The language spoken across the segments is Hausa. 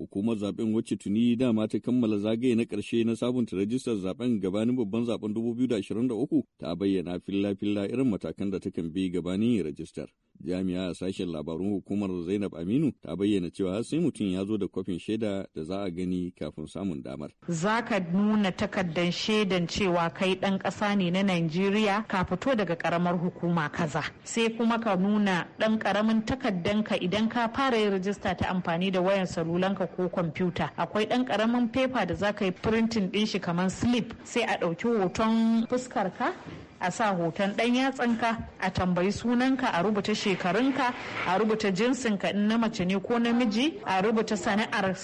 Hukumar zaben wacce tuni dama ta kammala zagaye na karshe na sabunta rajistar zaben gabanin babban zaben 2023 ta bayyana filla-filla irin matakan da takan bi gabanin rajistar. jami'a a sashen labarun hukumar zainab aminu ta bayyana cewa sai mutum ya zo da kwafin shaida da za a gani kafin samun damar za ka nuna takardar shaidan cewa kai dan ƙasa ne na najeriya ka fito daga karamar hukuma kaza sai kuma ka nuna dan karamin takardanka idan ka fara yin rajista ta amfani da wayan salulanka ko kwamfuta akwai dan karamin fefa da za ka yi printing din shi kamar slip sai a ɗauki hoton fuskar ka a sa hoton ɗan yatsanka a tambayi sunanka a rubuta shi shekarunka a rubuta jinsinka in na mace ne ko namiji a rubuta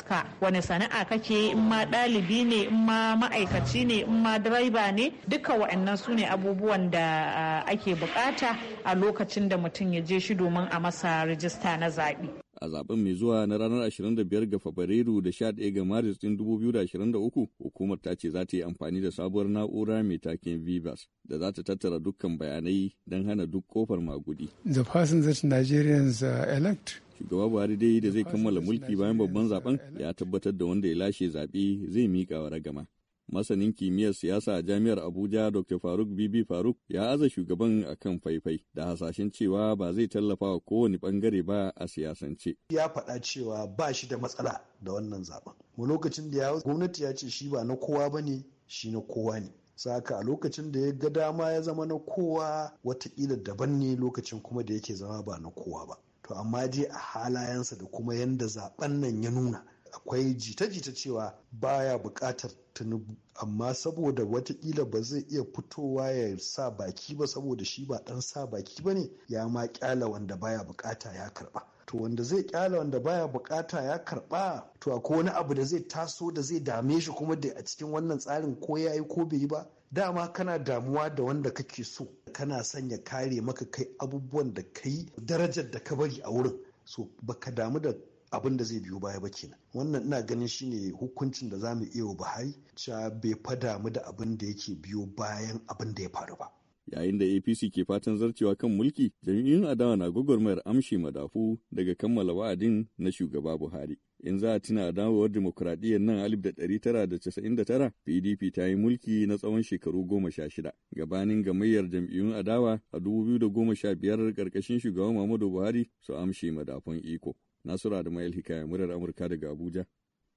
ka wani sana'a kake in ma ɗalibi ne in ma ma'aikaci ne in ma direba ne duka waɗannan su ne abubuwan da ake bukata a lokacin da mutum ya je shi domin a masa rijista na zaɓe. a zaben mai zuwa na ranar 25 ga Fabrairu da 11 ga Maris ɗin 2023, hukumar ta ce za ta yi amfani da sabuwar na'ura mai taken Vivas da za ta tattara dukkan bayanai don hana duk kofar magudi. The passengers Nigerians uh, elect shugaba buhari dai da zai kammala mulki bayan babban zaben ya tabbatar da wanda ya lashe zaɓe zai miƙa wa ragama masanin kimiyyar siyasa a jami'ar Abuja Dr. Faruk Bibi Faruk ya aza shugaban a kan faifai da hasashen cewa ba zai tallafa wa kowane bangare ba a siyasance. Ya faɗa cewa ba shi da matsala da wannan zaɓen, Mu lokacin da ya gwamnati ya ce shi ba na kowa ba ne, shi na kowa ne. Saka a lokacin da ya ga dama ya zama na kowa watakila daban ne lokacin kuma da yake zama ba na kowa ba. To amma dai a halayensa da kuma yanda zaben nan ya nuna akwai jita-jita cewa baya buƙatar tinubu amma saboda watakila ba zai iya fitowa ya sa baki ba saboda shi ba ɗan sa baki ba ne ya ma kyala wanda baya buƙata ya karɓa to wanda zai kyala wanda baya bukata ya karba to akwai wani abu da zai taso da zai dame shi kuma da a cikin wannan tsarin ko ya yi ko bai yi ba dama kana damuwa da wanda kake so kana sanya kare maka kai abubuwan da kai darajar da ka bari a wurin so baka damu da abin da zai biyo baya ba kenan wannan ina ganin shine hukuncin da za mu iya wa buhari cewa bai fada mu da abin da yake biyo bayan abin da ya faru ba yayin da apc ke fatan zarcewa kan mulki jam'iyyun adawa na gwagwarmayar amshi madafu daga kammala wa'adin na shugaba buhari in za a tuna dawowar Dimokuraɗiyyar nan da da ɗari casa'in tara, pdp ta yi mulki na tsawon shekaru goma sha shida gabanin gamayyar jam'iyyun adawa a sha biyar, ƙarƙashin shugaban muhammadu buhari su amshi madafun iko Nasura da Mayel Hikaya, murar Amurka daga Abuja,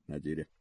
Najeriya.